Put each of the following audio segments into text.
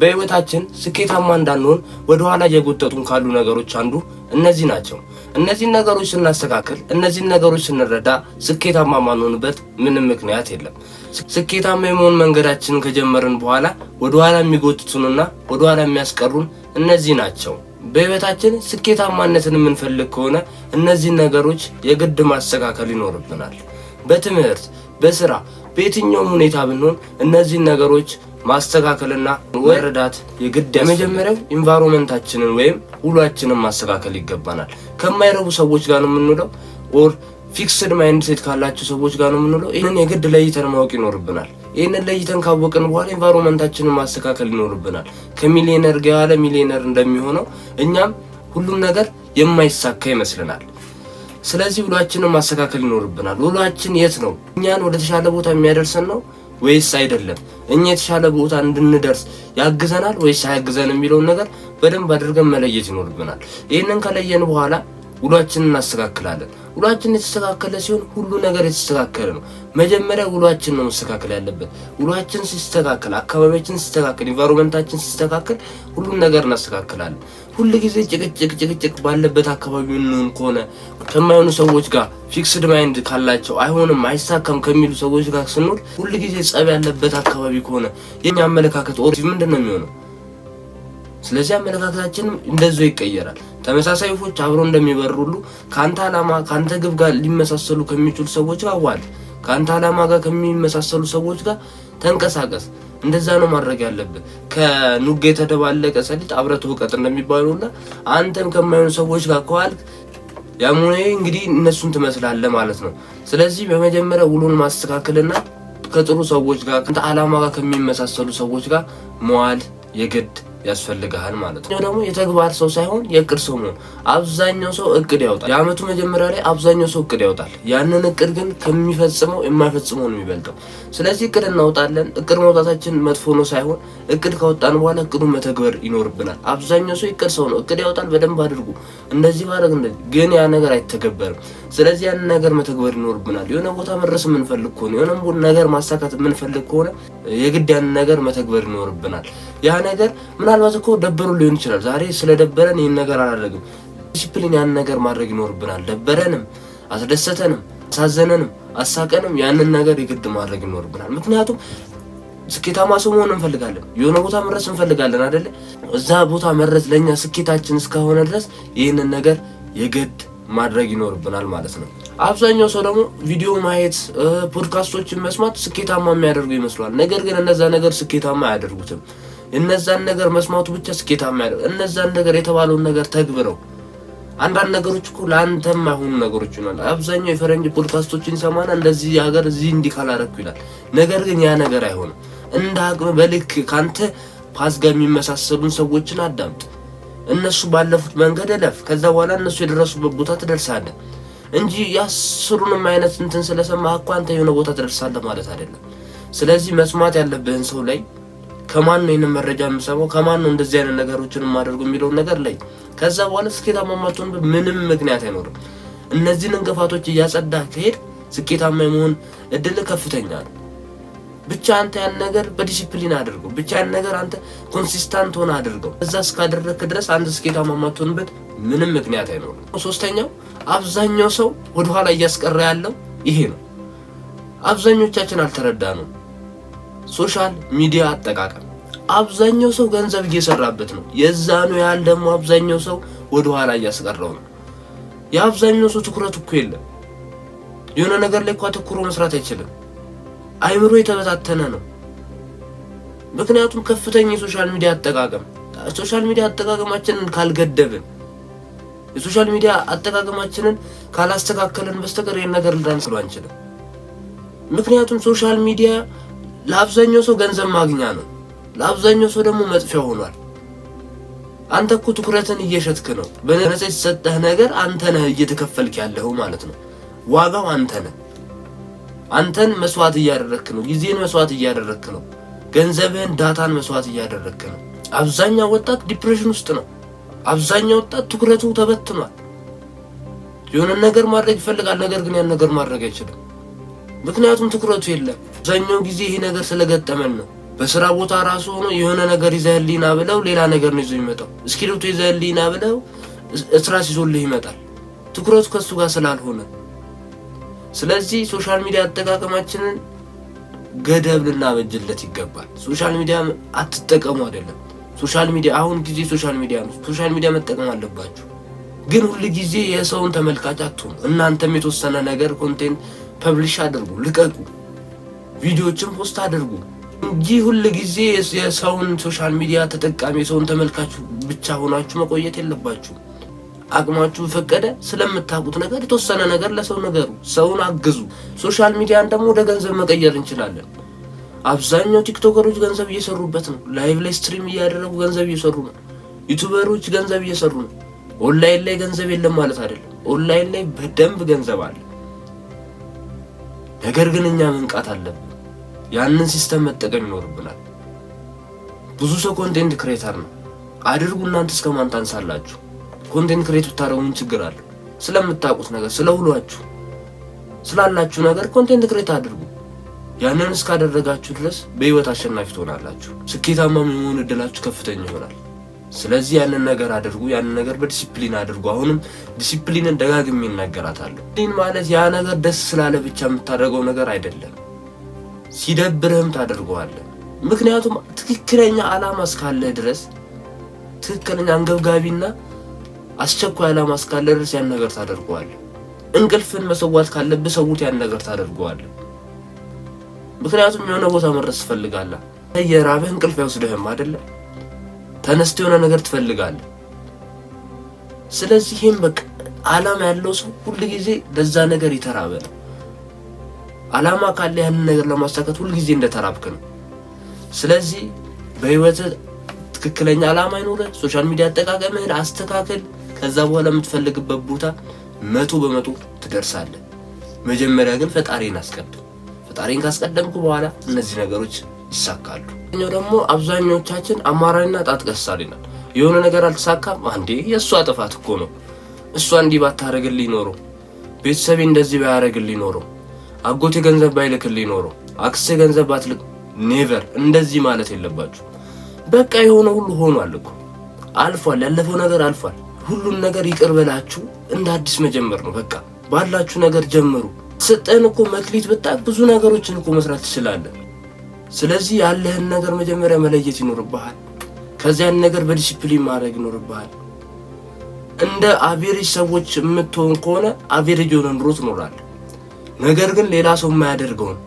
በህይወታችን ስኬታማ እንዳንሆን ወደኋላ እየጎተቱን ካሉ ነገሮች አንዱ እነዚህ ናቸው። እነዚህን ነገሮች ስናስተካከል እነዚህን ነገሮች ስንረዳ ስኬታማ ማንሆንበት ምንም ምክንያት የለም። ስኬታማ የመሆን መንገዳችንን ከጀመርን በኋላ ወደኋላ የሚጎትቱንና ወደኋላ የሚያስቀሩን እነዚህ ናቸው። በህይወታችን ስኬታማነትን የምንፈልግ ከሆነ እነዚህን ነገሮች የግድ ማስተካከል ይኖርብናል። በትምህርት፣ በስራ፣ በየትኛውም ሁኔታ ብንሆን እነዚህን ነገሮች ማስተካከልና መረዳት የግድ የመጀመሪያው ኢንቫይሮንመንታችንን ወይም ውሏችንን ማስተካከል ይገባናል። ከማይረቡ ሰዎች ጋር ነው የምንውለው ኦር ፊክስድ ማይንድ ሴት ካላቸው ሰዎች ጋር ነው የምንውለው። ይህንን የግድ ለይተን ማወቅ ይኖርብናል። ይህንን ለይተን ካወቅን በኋላ ኢንቫይሮንመንታችንን ማስተካከል ይኖርብናል። ከሚሊዮነር ጋር ያለ ሚሊዮነር እንደሚሆነው እኛም ሁሉም ነገር የማይሳካ ይመስልናል። ስለዚህ ውሏችንን ማስተካከል ይኖርብናል። ውሏችን የት ነው እኛን ወደ ተሻለ ቦታ የሚያደርሰን ነው ወይስ አይደለም፣ እኛ የተሻለ ቦታ እንድንደርስ ያግዘናል ወይስ አያግዘን የሚለውን ነገር በደንብ አድርገን መለየት ይኖርብናል። ይህንን ከለየን በኋላ ውሏችንን እናስተካክላለን። ውሏችን የተስተካከለ ሲሆን ሁሉ ነገር የተስተካከለ ነው። መጀመሪያ ውሏችን ነው መስተካከል ያለበት። ውሏችን ሲስተካከል፣ አካባቢያችን ሲስተካከል፣ ኢንቫይሮመንታችን ሲስተካከል ሁሉን ነገር እናስተካክላለን። ሁሉ ጊዜ ጭቅጭቅ ጭቅጭቅ ባለበት አካባቢ ምን ከሆነ ከማይሆኑ ሰዎች ጋር ፊክስድ ማይንድ ካላቸው አይሆንም አይሳካም ከሚሉ ሰዎች ጋር ስንኖር ሁሉ ጊዜ ጸብ ያለበት አካባቢ ከሆነ የኛ አመለካከት ኦር ምንድን ነው የሚሆነው? ስለዚህ አመለካከታችንም እንደዛው ይቀየራል። ተመሳሳይ ወፎች አብሮ እንደሚበሩ ሁሉ ከአንተ ዓላማ ከአንተ ግብ ጋር ሊመሳሰሉ ከሚችሉ ሰዎች ጋር ዋል ከአንተ አላማ ጋር ከሚመሳሰሉ ሰዎች ጋር ተንቀሳቀስ። እንደዛ ነው ማድረግ ያለብህ። ከኑግ የተደባለቀ ሰሊጥ አብረት ትውቀጥ እንደሚባለው ሁላ አንተን ከማይሆኑ ሰዎች ጋር ከዋልክ ያሙኔ እንግዲህ እነሱን ትመስላለህ ማለት ነው። ስለዚህ በመጀመሪያ ውሎን ማስተካከልና ከጥሩ ሰዎች ጋር ከአንተ አላማ ጋር ከሚመሳሰሉ ሰዎች ጋር መዋል የግድ ያስፈልግሃል ማለት ነው። ደግሞ የተግባር ሰው ሳይሆን የእቅድ ሰው ነው። አብዛኛው ሰው እቅድ ያወጣል። የአመቱ መጀመሪያ ላይ አብዛኛው ሰው እቅድ ያወጣል። ያንን እቅድ ግን ከሚፈጽመው የማይፈጽመው ነው የሚበልጠው። ስለዚህ እቅድ እናወጣለን። እቅድ መውጣታችን መጥፎ ነው ሳይሆን እቅድ ካወጣን በኋላ እቅዱን መተግበር ይኖርብናል። አብዛኛው ሰው የእቅድ ሰው ነው። እቅድ ያወጣል፣ በደንብ አድርጉ፣ እንደዚህ ማድረግ እንደዚህ ግን ያ ነገር አይተገበርም። ስለዚህ ያንን ነገር መተግበር ይኖርብናል። የሆነ ቦታ መድረስ የምንፈልግ ከሆነ የሆነ ነገር ማሳካት የምንፈልግ ከሆነ የግድ ያንን ነገር መተግበር ይኖርብናል። ያ ነገር ምናልባት እኮ ደበሩ ሊሆን ይችላል። ዛሬ ስለደበረን ይህን ነገር አላደረግም። ዲሲፕሊን ያን ነገር ማድረግ ይኖርብናል። ደበረንም፣ አስደሰተንም፣ አሳዘነንም፣ አሳቀንም ያንን ነገር የግድ ማድረግ ይኖርብናል። ምክንያቱም ስኬታማ ሰው መሆን እንፈልጋለን። የሆነ ቦታ መድረስ እንፈልጋለን አደለ? እዛ ቦታ መድረስ ለእኛ ስኬታችን እስከሆነ ድረስ ይህንን ነገር የግድ ማድረግ ይኖርብናል ማለት ነው። አብዛኛው ሰው ደግሞ ቪዲዮ ማየት፣ ፖድካስቶችን መስማት ስኬታማ የሚያደርጉ ይመስለዋል። ነገር ግን እነዛ ነገር ስኬታማ አያደርጉትም። እነዛን ነገር መስማቱ ብቻ ስኬታማ ያለው እነዛን ነገር የተባለውን ነገር ተግብረው። አንዳንድ ነገሮች እኮ ለአንተም አይሆኑ ነገሮች ይሆናል። አብዛኛው የፈረንጅ ፖድካስቶችን ሰማና እንደዚህ ሀገር እዚህ እንዲህ ካላረኩ ይላል። ነገር ግን ያ ነገር አይሆንም። እንደ አቅም በልክ ካንተ ፓስ ጋር የሚመሳሰሉን ሰዎችን አዳምጥ። እነሱ ባለፉት መንገድ እለፍ። ከዛ በኋላ እነሱ የደረሱበት ቦታ ትደርሳለህ እንጂ ያስሩንም አይነት እንትን ስለሰማህ እኮ አንተ የሆነ ቦታ ትደርሳለህ ማለት አይደለም። ስለዚህ መስማት ያለብህን ሰው ላይ ከማን ነው ይህንን መረጃ የምሰማው፣ ከማን ነው እንደዚህ አይነት ነገሮችን የማደርጉ የሚለውን ነገር ላይ ከዛ በኋላ ስኬታማ ማትሆንበት ምንም ምክንያት አይኖርም። እነዚህን እንቅፋቶች እያጸዳ ከሄድ ስኬታማ የመሆን እድል ከፍተኛ ነው። ብቻ አንተ ያን ነገር በዲሲፕሊን አድርገው። ብቻ ያን ነገር አንተ ኮንሲስታንት ሆነ አድርገው። እዛ እስካደረግክ ድረስ አንተ ስኬታማ ማትሆንበት ምንም ምክንያት አይኖርም። ሶስተኛው አብዛኛው ሰው ወደኋላ እያስቀረ ያለው ይሄ ነው። አብዛኞቻችን አልተረዳ ነው። ሶሻል ሚዲያ አጠቃቀም አብዛኛው ሰው ገንዘብ እየሰራበት ነው። የዛኑ ያህል ደግሞ አብዛኛው ሰው ወደኋላ እያስቀረው ነው። የአብዛኛው ሰው ትኩረት እኮ የለም። የሆነ ነገር ላይ እኮ አተኩሮ መስራት አይችልም። አይምሮ የተበታተነ ነው። ምክንያቱም ከፍተኛ የሶሻል ሚዲያ አጠቃቀም ሶሻል ሚዲያ አጠቃቀማችንን ካልገደብን የሶሻል ሚዲያ አጠቃቀማችንን ካላስተካከልን በስተቀር ይህን ነገር አንችልም። ምክንያቱም ሶሻል ሚዲያ ለአብዛኛው ሰው ገንዘብ ማግኛ ነው፣ ለአብዛኛው ሰው ደግሞ መጥፊያ ሆኗል። አንተ እኮ ትኩረትን እየሸጥክ ነው። በነፃ የተሰጠህ ነገር አንተ ነህ እየተከፈልክ ያለኸው ማለት ነው። ዋጋው አንተ ነህ። አንተን መስዋዕት እያደረግክ ነው። ጊዜን መስዋዕት እያደረግክ ነው። ገንዘብህን፣ ዳታን መስዋዕት እያደረግክ ነው። አብዛኛው ወጣት ዲፕሬሽን ውስጥ ነው። አብዛኛው ወጣት ትኩረቱ ተበትኗል። የሆነ ነገር ማድረግ ይፈልጋል፣ ነገር ግን ያን ነገር ማድረግ አይችልም። ምክንያቱም ትኩረቱ የለም። አብዛኛው ጊዜ ይሄ ነገር ስለገጠመን ነው። በስራ ቦታ ራሱ ሆኖ የሆነ ነገር ይዘህልኝና ብለው ሌላ ነገር ነው ይዞ የሚመጣው። እስክሪብቶ ይዘህልኝና ብለው እስራ ሲዞልህ ይመጣል። ትኩረቱ ከሱ ጋር ስላልሆነ፣ ስለዚህ ሶሻል ሚዲያ አጠቃቀማችንን ገደብ ልናበጅለት ይገባል። ሶሻል ሚዲያ አትጠቀሙ አይደለም። ሶሻል ሚዲያ አሁን ጊዜ ሶሻል ሚዲያ ነው። ሶሻል ሚዲያ መጠቀም አለባችሁ፣ ግን ሁል ጊዜ የሰውን ተመልካች አትሁኑ። እናንተም የተወሰነ ነገር ኮንቴንት ፐብሊሽ አድርጉ፣ ልቀቁ፣ ቪዲዮዎችን ፖስት አድርጉ እንጂ ሁል ጊዜ የሰውን ሶሻል ሚዲያ ተጠቃሚ የሰውን ተመልካች ብቻ ሆናችሁ መቆየት የለባችሁ። አቅማችሁ ፈቀደ ስለምታውቁት ነገር የተወሰነ ነገር ለሰው ነገሩ፣ ሰውን አግዙ። ሶሻል ሚዲያን ደግሞ ወደ ገንዘብ መቀየር እንችላለን። አብዛኛው ቲክቶከሮች ገንዘብ እየሰሩበት ነው። ላይቭ ላይ ስትሪም እያደረጉ ገንዘብ እየሰሩ ነው። ዩቱበሮች ገንዘብ እየሰሩ ነው። ኦንላይን ላይ ገንዘብ የለም ማለት አይደለም። ኦንላይን ላይ በደንብ ገንዘብ አለ። ነገር ግን እኛ መንቃት አለብን። ያንን ሲስተም መጠቀም ይኖርብናል። ብዙ ሰው ኮንቴንት ክሬተር ነው አድርጉ እናንተ እስከ ማን ታንሳላችሁ? ኮንቴንት ክሬት ብታደርጉ ምን ችግር አለ? ስለምታውቁት ነገር፣ ስለውሏችሁ ስላላችሁ ነገር ኮንቴንት ክሬት አድርጉ። ያንን እስካደረጋችሁ ድረስ በህይወት አሸናፊ ትሆናላችሁ። ስኬታማ የመሆን እድላችሁ ከፍተኛ ይሆናል። ስለዚህ ያንን ነገር አድርጉ፣ ያንን ነገር በዲሲፕሊን አድርጉ። አሁንም ዲሲፕሊንን ደጋግሜ እናገራታለሁ። ዲን ማለት ያ ነገር ደስ ስላለ ብቻ የምታደርገው ነገር አይደለም። ሲደብርህም ታደርገዋለህ። ምክንያቱም ትክክለኛ ዓላማ እስካለህ ድረስ ትክክለኛ አንገብጋቢና አስቸኳይ ዓላማ እስካለ ድረስ ያን ነገር ታደርገዋለህ። እንቅልፍን መሰዋት ካለብህ ሰውት ያን ነገር ታደርገዋለህ። ምክንያቱም የሆነ ቦታ መድረስ ትፈልጋለህ። የራብህ እንቅልፍ አይወስድህም አይደለም ተነስተ የሆነ ነገር ትፈልጋለህ። ስለዚህ ይህም በቃ አላማ ያለው ሰው ሁል ጊዜ ለዛ ነገር ይተራበ ነው። አላማ ካለ ያንን ነገር ለማሳካት ሁል ጊዜ እንደተራብክ ነው። ስለዚህ በህይወት ትክክለኛ አላማ ይኑርህ። ሶሻል ሚዲያ አጠቃቀምህን አስተካክል። ከዛ በኋላ የምትፈልግበት ቦታ መቶ በመቶ ትደርሳለህ። መጀመሪያ ግን ፈጣሪን አስቀድም። ፈጣሪን ካስቀደምኩ በኋላ እነዚህ ነገሮች ይሳካሉ። ኛው ደግሞ አብዛኛዎቻችን አማራሪና ጣት ቀሳሪ ነን። የሆነ ነገር አልተሳካም፣ አንዴ የእሷ ጥፋት እኮ ነው፣ እሷ እንዲህ ባታረግልኝ ኖሮ፣ ቤተሰቤ እንደዚህ ባያረግልኝ ኖሮ፣ አጎቴ ገንዘብ ባይልክልኝ ኖሮ፣ አክሴ ገንዘብ ባትልክ። ኔቨር እንደዚህ ማለት የለባችሁ። በቃ የሆነ ሁሉ ሆኗል እኮ አልፏል። ያለፈው ነገር አልፏል። ሁሉን ነገር ይቅር እንደ አዲስ መጀመር ነው። በቃ ባላችሁ ነገር ጀምሩ። ስጠን እኮ መክሊት በጣም ብዙ ነገሮችን እኮ መስራት ትችላለን። ስለዚህ ያለህን ነገር መጀመሪያ መለየት ይኖርብሃል። ከዚያን ነገር በዲሲፕሊን ማድረግ ይኖርብሃል። እንደ አቬሬጅ ሰዎች የምትሆን ከሆነ አቬሬጅ የሆነ ኑሮ ትኖራለህ። ነገር ግን ሌላ ሰው የማያደርገውን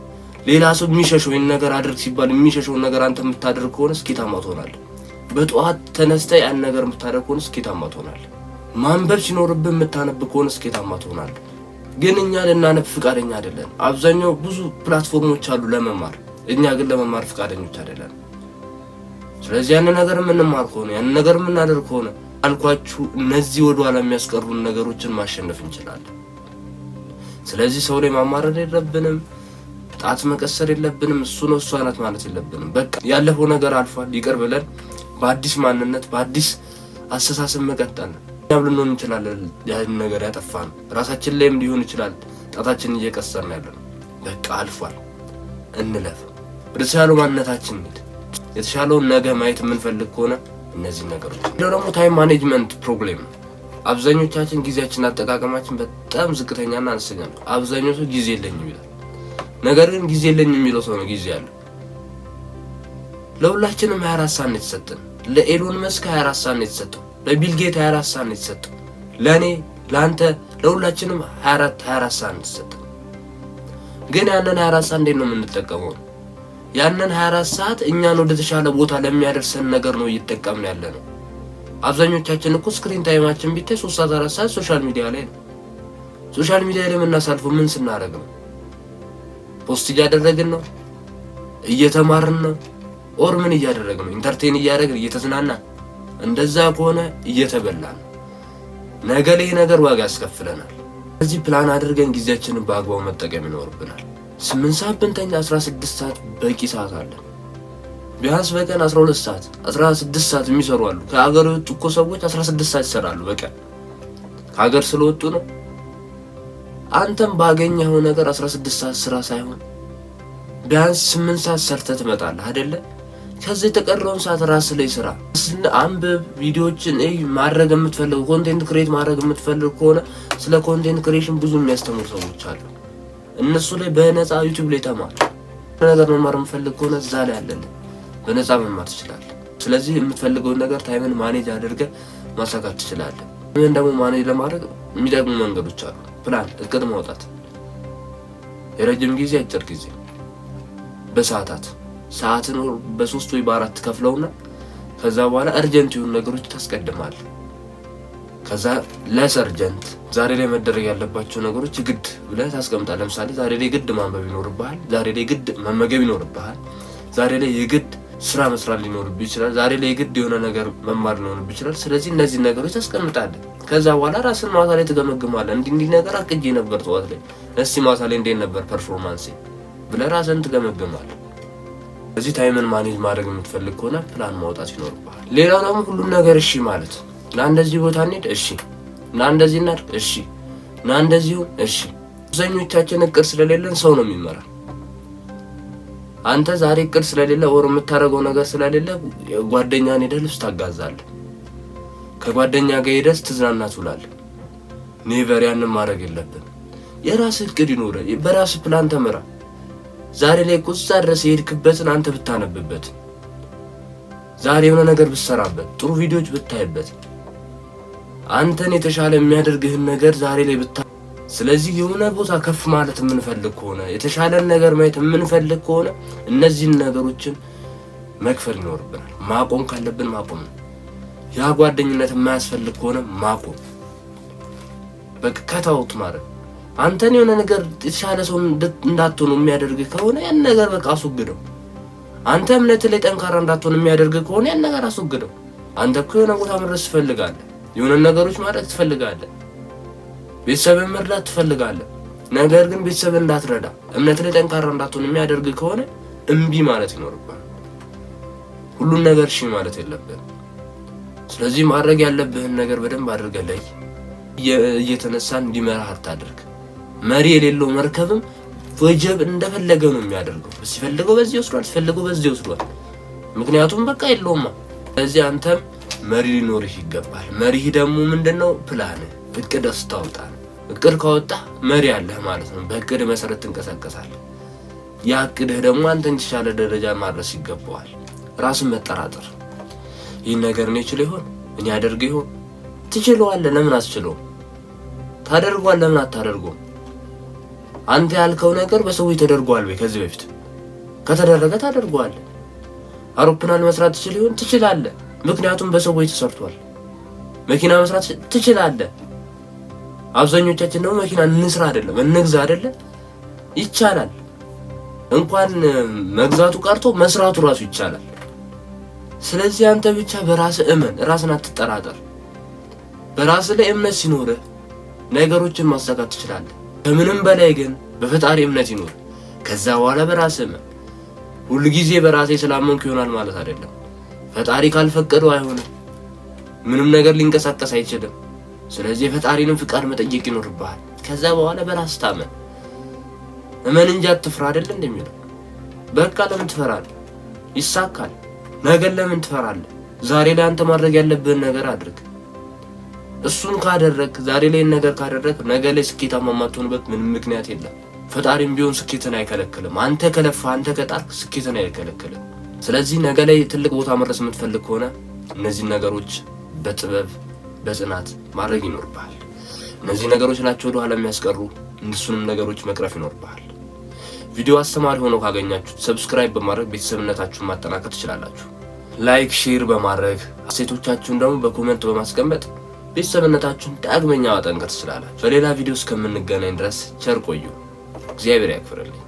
ሌላ ሰው የሚሸሸው ይህን ነገር አድርግ ሲባል የሚሸሸውን ነገር አንተ የምታደርግ ከሆነ ስኬታማ ትሆናለህ። በጠዋት ተነስተ ያን ነገር የምታደርግ ከሆነ ስኬታማ ትሆናለህ። ማንበብ ሲኖርብህ የምታነብ ከሆነ ስኬታማ ትሆናለህ። ግን እኛ ልናነብ ፍቃደኛ አይደለን። አብዛኛው ብዙ ፕላትፎርሞች አሉ ለመማር እኛ ግን ለመማር ፈቃደኞች አይደለም። ስለዚህ ያንን ነገር የምንማር ከሆነ ያንን ነገር የምናደርግ ከሆነ አልኳችሁ፣ እነዚህ ወደኋላ የሚያስቀሩን ነገሮችን ማሸነፍ እንችላለን። ስለዚህ ሰው ላይ ማማረር የለብንም። ጣት መቀሰር የለብንም። እሱ ነው እሷ ናት ማለት የለብንም። በቃ ያለፈው ነገር አልፏል፣ ይቅር ብለን በአዲስ ማንነት በአዲስ አስተሳሰብ መቀጠል እኛም ልንሆን እንችላለን። ያን ነገር ያጠፋ ራሳችን ላይም ሊሆን ይችላል። ጣታችን እየቀሰርን ያለ ነው። በቃ አልፏል እንለፍ። ወደ ተሻለው ማንነታችን የተሻለውን ነገ ማየት የምንፈልግ ከሆነ እነዚህ ነገሮች ነው። ደግሞ ታይም ማኔጅመንት ፕሮብሌም ነው። አብዛኞቻችን ጊዜያችን አጠቃቀማችን በጣም ዝቅተኛና አነስተኛ ነው። አብዛኛው ሰው ጊዜ የለኝም ይላል። ነገር ግን ጊዜ የለኝም የሚለው ሰው ነው ጊዜ ያለው። ለሁላችንም 24 ሰዓት ነው የተሰጠን። ለኤሎን መስክ 24 ሰዓት ነው የተሰጠው። ለቢል ጌት 24 ሰዓት ነው የተሰጠው። ለእኔ ለአንተ ለሁላችንም 24 24 ሰዓት ነው የተሰጠን። ግን ያንን 24 ሰዓት እንዴት ነው የምንጠቀመው? ያንን 24 ሰዓት እኛን ወደ ተሻለ ቦታ ለሚያደርሰን ነገር ነው እየተጠቀምን ያለ ነው። አብዛኞቻችን እኮ ስክሪን ታይማችን ቢታይ 3 ሰዓት 4 ሰዓት ሶሻል ሚዲያ ላይ ነው። ሶሻል ሚዲያ ላይ የምናሳልፈው ምን ስናደርግ ነው? ፖስት እያደረግን ነው፣ እየተማርን ነው፣ ኦር ምን እያደረግን ነው? ኢንተርቴን እያደረግን እየተዝናና እንደዛ ከሆነ እየተበላ ነው። ነገ ላይ ነገር ዋጋ ያስከፍለናል። እዚህ ፕላን አድርገን ጊዜያችንን በአግባቡ መጠቀም ይኖርብናል። ስምንት ሰዓት ብንተኛ 16 ሰዓት በቂ ሰዓት አለ። ቢያንስ በቀን 12 ሰዓት 16 ሰዓት የሚሰሩ አሉ። ከሀገር የወጡ እኮ ሰዎች 16 ሰዓት ይሰራሉ በቀን ከሀገር ስለወጡ ነው። አንተም ባገኘኸው ነገር 16 ሰዓት ስራ ሳይሆን ቢያንስ 8 ሰዓት ሰርተህ ትመጣለህ አይደለ? ከዚህ የተቀረውን ሰዓት ራስ ላይ ስራ። አንብብ፣ ቪዲዮዎችን እይ። ማድረግ የምትፈልገው ኮንቴንት ክሬት ማድረግ የምትፈልግ ከሆነ ስለ ኮንቴንት ክሬሽን ብዙ የሚያስተምሩ ሰዎች አሉ። እነሱ ላይ በነፃ ዩቲዩብ ላይ ተማር። ነገር መማር የምፈልግ ከሆነ እዛ ላይ አለን፣ በነፃ መማር ትችላለ። ስለዚህ የምትፈልገውን ነገር ታይምን ማኔጅ አድርገ ማሳካት ትችላለ። ይህን ደግሞ ማኔጅ ለማድረግ የሚጠቅሙ መንገዶች አሉ። ፕላን፣ እቅድ ማውጣት፣ የረጅም ጊዜ አጭር ጊዜ፣ በሰዓታት ሰዓትን በሶስት ወይ በአራት ከፍለውና ከዛ በኋላ እርጀንት የሆኑ ነገሮች ታስቀድማለህ። ከዛ ለሰርጀንት ዛሬ ላይ መደረግ ያለባቸው ነገሮች ግድ ብለህ ታስቀምጣል። ለምሳሌ ዛሬ ላይ ግድ ማንበብ ይኖርብሃል። ዛሬ ላይ ግድ መመገብ ይኖርብሃል። ዛሬ ላይ የግድ ስራ መስራት ሊኖርብህ ይችላል። ዛሬ ላይ የግድ የሆነ ነገር መማር ሊኖርብህ ይችላል። ስለዚህ እነዚህ ነገሮች ታስቀምጣለህ። ከዛ በኋላ ራስን ማታ ላይ ትገመግማለህ። እንዲህ እንዲህ ነገር አቅጄ ነበር ጠዋት ላይ፣ እስቲ ማታ ላይ እንዴት ነበር ፐርፎርማንሴ ብለህ ራስን ትገመግማለህ። እዚህ ታይምን ማኔጅ ማድረግ የምትፈልግ ከሆነ ፕላን ማውጣት ይኖርብሃል። ሌላው ደግሞ ሁሉም ነገር እሺ ማለት ና እንደዚህ ቦታ እንሂድ፣ እሺ ና እንደዚህ እናድርግ፣ እሺ ና እንደዚሁ፣ እሺ። አብዛኞቻችን እቅድ ስለሌለን ሰው ነው የሚመራል። አንተ ዛሬ እቅድ ስለሌለ ወር የምታደርገው ነገር ስለሌለ ጓደኛህን ሄደህ ልብስ ታጋዛለህ። ከጓደኛ ጋር ሄደህ ትዝናና ትውላለህ። ኔቨር ያንን ማድረግ የለብን። የራስህ እቅድ ይኖረህ፣ በራስህ ፕላን ተመራ። ዛሬ ላይ ቁዛ ድረስ የሄድክበትን አንተ ብታነብበት፣ ዛሬ የሆነ ነገር ብትሰራበት፣ ጥሩ ቪዲዮዎች ብታይበት አንተን የተሻለ የሚያደርግህን ነገር ዛሬ ላይ ብታ ስለዚህ የሆነ ቦታ ከፍ ማለት የምንፈልግ ከሆነ የተሻለን ነገር ማየት የምንፈልግ ከሆነ እነዚህን ነገሮችን መክፈል ይኖርብናል። ማቆም ካለብን ማቆም ነው። ያ ጓደኝነት የማያስፈልግ ከሆነ ማቆም በቃ ከታውት ማለት አንተን የሆነ ነገር የተሻለ ሰው እንዳትሆኑ የሚያደርግ ከሆነ ያን ነገር በቃ አስወግደው። አንተ እምነት ላይ ጠንካራ እንዳትሆን የሚያደርግ ከሆነ ያን ነገር አስወግደው። አንተ እኮ የሆነ ቦታ መድረስ ትፈልጋለህ። የሆነ ነገሮች ማድረግ ትፈልጋለህ፣ ቤተሰብን መርዳት ትፈልጋለህ። ነገር ግን ቤተሰብ እንዳትረዳ፣ እምነት ላይ ጠንካራ እንዳትሆን የሚያደርግ ከሆነ እምቢ ማለት ይኖርብሃል። ሁሉን ነገር እሺ ማለት የለብህም። ስለዚህ ማድረግ ያለብህን ነገር በደንብ አድርገህ ላይ እየተነሳ እንዲመራ አታድርግ። መሪ የሌለው መርከብም ወጀብ እንደፈለገ ነው የሚያደርገው። ሲፈልገው በዚህ ወስዷል፣ ሲፈልገው በዚህ ወስዷል። ምክንያቱም በቃ የለውማ። ስለዚህ አንተም መሪ ሊኖርህ ይገባል። መሪህ ደግሞ ምንድን ነው? ፕላንህ፣ እቅድ ስታወጣ እቅድ ካወጣ መሪ አለህ ማለት ነው። በእቅድ መሰረት ትንቀሳቀሳለህ። ያ እቅድህ ደግሞ አንተን የተሻለ ደረጃ ማድረስ ይገባዋል። ራስን መጠራጠር፣ ይህን ነገር እኔ እችል ይሆን? እኔ ያደርገው ይሆን? ትችለዋለህ። ለምን አስችለውም? ታደርጓል። ለምን አታደርጎም? አንተ ያልከው ነገር በሰዎች ተደርጓል ወይ? ከዚህ በፊት ከተደረገ ታደርጓል። አውሮፕላን መስራት ትችል ይሆን? ትችላለህ። ምክንያቱም በሰዎች ተሰርቷል። መኪና መስራት ትችላለህ። አብዛኞቻችን ደግሞ መኪና እንስራ አይደለም እንግዛ አይደለ? ይቻላል። እንኳን መግዛቱ ቀርቶ መስራቱ ራሱ ይቻላል። ስለዚህ አንተ ብቻ በራስህ እመን፣ ራስን አትጠራጠር። በራስህ ላይ እምነት ሲኖርህ ነገሮችን ማሳካት ትችላለህ። ከምንም በላይ ግን በፈጣሪ እምነት ይኖር። ከዛ በኋላ በራስህ እመን። ሁልጊዜ በራሴ ስላመንኩ ይሆናል ማለት አይደለም። ፈጣሪ ካልፈቀደው አይሆንም። ምንም ነገር ሊንቀሳቀስ አይችልም። ስለዚህ የፈጣሪንም ፍቃድ መጠየቅ ይኖርብሃል። ከዛ በኋላ በራስ ታመን እመን እንጂ አትፍራ አይደል እንደሚለው። በቃ ለምን ትፈራለህ? ይሳካል። ነገን ለምን ትፈራለህ? ዛሬ ላይ አንተ ማድረግ ያለብህን ነገር አድርግ። እሱን ካደረግ ዛሬ ላይ ነገር ካደረግ ነገ ላይ ስኬታማ የማትሆንበት ምንም ምክንያት የለም። ፈጣሪም ቢሆን ስኬትን አይከለክልም። አንተ ከለፋ፣ አንተ ከጣርክ ስኬትን አይከለክልም። ስለዚህ ነገ ላይ ትልቅ ቦታ መድረስ የምትፈልግ ከሆነ እነዚህን ነገሮች በጥበብ በጽናት ማድረግ ይኖርብሃል። እነዚህ ነገሮች ናቸው ወደኋላ የሚያስቀሩ። እንሱንም ነገሮች መቅረፍ ይኖርብሃል። ቪዲዮ አስተማሪ ሆኖ ካገኛችሁ ሰብስክራይብ በማድረግ ቤተሰብነታችሁን ማጠናከር ትችላላችሁ። ላይክ፣ ሼር በማድረግ አሴቶቻችሁን ደግሞ በኮመንት በማስቀመጥ ቤተሰብነታችሁን ዳግመኛ ማጠንከር ትችላላችሁ። በሌላ ቪዲዮ እስከምንገናኝ ድረስ ቸር ቆዩ። እግዚአብሔር ያክብርልኝ።